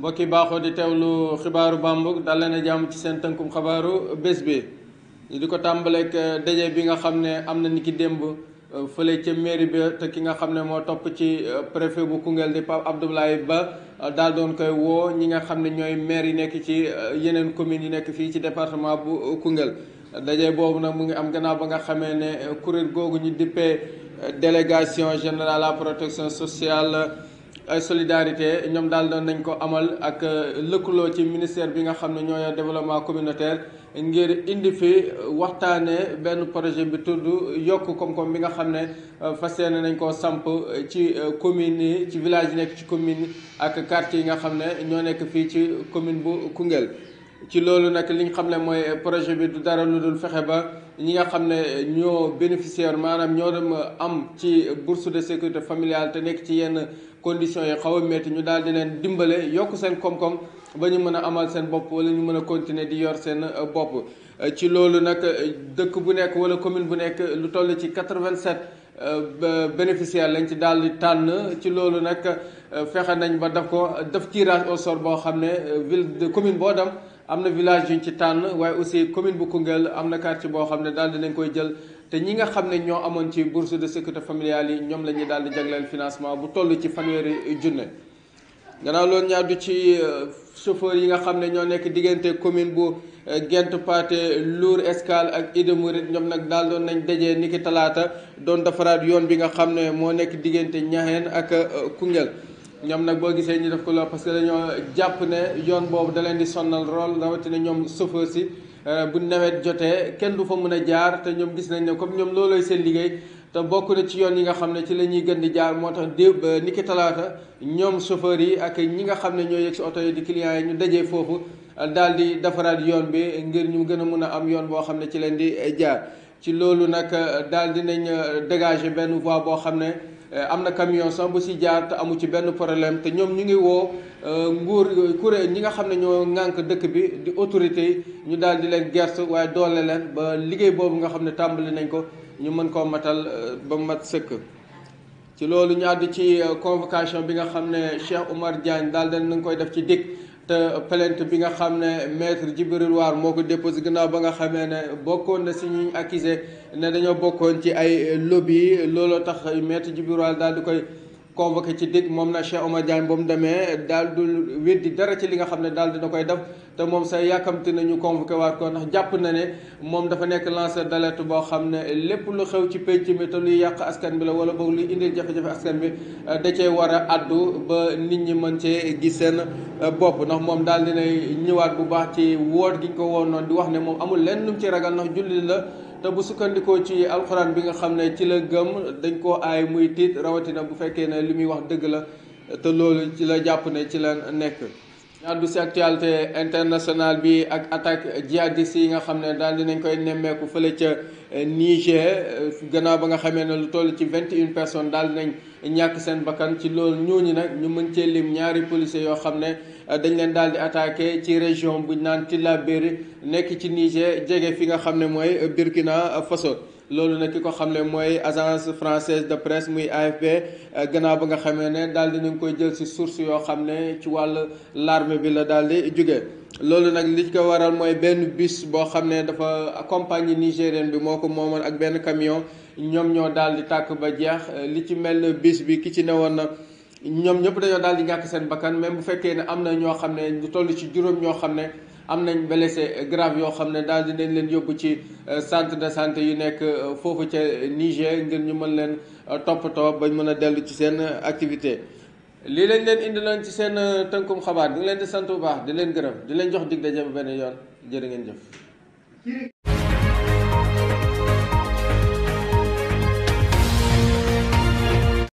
mbokki baaxoo di teewlu xibaaru bambuk dal leen a jàmm ci seen tënkum xabaaru bés bi ñu di ko tàmbaleeg euh, daje bi nga xam ne am na ni ki démb euh, fële ci maire ba te ki nga xam ne moo topp ci euh, préfet bu Koungheul di Pape Abdoulaye Ba daal doon koy woo ñi nga xam ne ñooy maire yi nekk ci yeneen communes yi nekk fii ci département bu Koungheul daje boobu nag mu ngi am gannaaw ba nga xamee ne kuréel googu ñu dippee délégation générale à la protection sociale solidarité ñoom daal doon nañ ko amal ak euh, lëkkaloo ci ministère bi nga xam ne ñooy développement communautaire ngir indi fi euh, waxtaanee benn projet bi tudd yokk koom-koom bi nga xam ne euh, fas yéene nañ ko samp ci commune yi ci village yi nekk ci commune ak quartier yi nga xam ne ñoo nekk fii ci commune bu Koungheul ci loolu nag li ñu xam ne mooy projet bi du dara lu dul fexe ba ñi nga xam ne ñoo bénéficiaire maanaam ñoo dem am ci bourse de sécurité familiale te nekk ci yenn conditions yi xaw a métti ñu daal di leen dimbale yokk seen koom-koom ba ñu mën a amal seen bopp wala ñu mën a continuer di yor seen bopp. ci loolu nag dëkk bu nekk wala commune bu nekk lu toll ci 87 euh, bénéficiaire lañ ci daal di tànn ci loolu nag euh, fexe nañ ba daf ko def tirage au sort boo xam ne euh, ville de commune boo dem. am na village yuñ ci tànn waaye aussi commune bu Koungheul am na quartier boo xam ne daal dinañ koy jël te ñi nga xam ne ñoo amoon ci bourse de sécurité familiale yi ñoom la ñuy daal di jagleel financement bu toll ci fanweeri junne. gannaaw loolu ñaar du ci euh, chauffeur yi nga xam ne ñoo nekk diggante commune bu euh, Gent Pathé Lour Escale ak Ida Mouride ñoom nag daal nañ dajee niki talaata doon defaraat yoon bi nga xam ne moo nekk diggante Niakhène ak euh, Koungheul. ñoom nag boo gisee ñu def ko lool parce que dañoo jàpp ne yoon boobu da leen di sonnal rool rawatina ñoom chauffeur si euh, bu nawet jotee kenn du fa mën a jaar te ñoom gis nañ ne comme ñoom loolooy seen liggéey te bokk ne ci yoon yi nga xam ne ci la ñuy gën di jaar moo tax di euh, démb ki talaata ñoom chauffeur yi ak ñi nga xam ne ñoo yegg si oto yi di clients yi ñu dajee foofu daal di defaraat yoon bi ngir ñu gën a mun a am yoon boo xam ne ci leen di jaar ci loolu nag euh, daal dinañ euh, dégager benn voie boo xam ne euh, am na camion sax bu si jaar te amu ci benn problème te ñoom ñu ngi woo nguur kuréel ñi nga xam ne ñoo ŋànk dëkk bi di autorité ñu daal di leen gerte waaye doole leen ba liggéey boobu nga xam ne tàmbali nañ ko ñu mën koo matal ba mat sëkk. ci loolu ñu àdd ci convocation bi nga xam ne Cheikh Oumar Diagne daal dañ nañ koy def ci dikk te plainte bi nga xam ne maître Djibril waar moo ko déposé gannaaw ba nga xamee ne bokkoon na si ñu accusé ne dañoo bokkoon ci ay lobby looloo tax maître Djibril War daal di koy. convoqué ci dégg moom na Cheikh Omar Diagne ba demee daal du weddi dara ci li nga xam ne daal dina koy def te moom sax yàkkamti nañu convoqué waat ko ndax jàpp na ne moom dafa nekk lanceur d'alerte boo xam ne lépp lu xew ci pénc mi te luy yàq askan bi la wala boog luy indil jafe-jafe askan bi euh, da cee war a addu ba nit ñi mën cee gis na euh, bopp ndax moom daal dina ñëwaat bu baax ci woot gi ñu ko woon noonu di wax ne moom amul lenn lu mu ci ragal ndax julli la te bu sukkandikoo ci alxuraan bi nga xam ne ci la gëm dañ koo aay muy tiit rawatina bu fekkee ne li muy wax dëgg la te loolu ci la jàpp ne ci la nekk. ñaar du si actualité internationale bi ak attaque jihadiste yi nga xam ne daal dinañ koy nemmeeku fële ca. Niger gannaaw ba nga xamee ne lu toll ci vingt une personnes daal nañ ñàkk seen bakkan ci loolu ñooñu nag ñu mën cee lim ñaari policiers yoo xam ne euh, dañ leen daal di attaqué ci région bu ñu naan Tillabéri nekk ci Niger jege fi nga xam ne mooy Burkina Faso. loolu nag ki ko xam ne mooy agence française de presse muy AFP euh, gannaaw ba nga xamee ne daal di nañ koy jël si source yoo xam ne ci wàll l'armée bi la daal di jóge loolu nag li ko waral mooy benn bus boo xam ne dafa compagnie nigérienne bi moo ko moomoon ak benn camion ñoom ñoo daal di tàkk ba jeex li ci mel ne bus bi ki ci newoon na ñoom ñëpp dañoo daal di ñàkk seen bakkan même bu fekkee ne am na ñoo xam ne ñu toll ci juróom ñoo xam ne am nañ blessé grave yoo xam ne daal di nañ leen yóbbu ci euh, centre de santé yu nekk euh, foofu ca Niger ngir ñu mën leen euh, toppatoo bañ mën a dellu ci seen activité. lii lañ leen indi loon ci seen euh, tënkum xabaar di ngi leen di sant bu baax di leen gërëm di leen jox dig daje ba benn yoon jërë ngeen jëf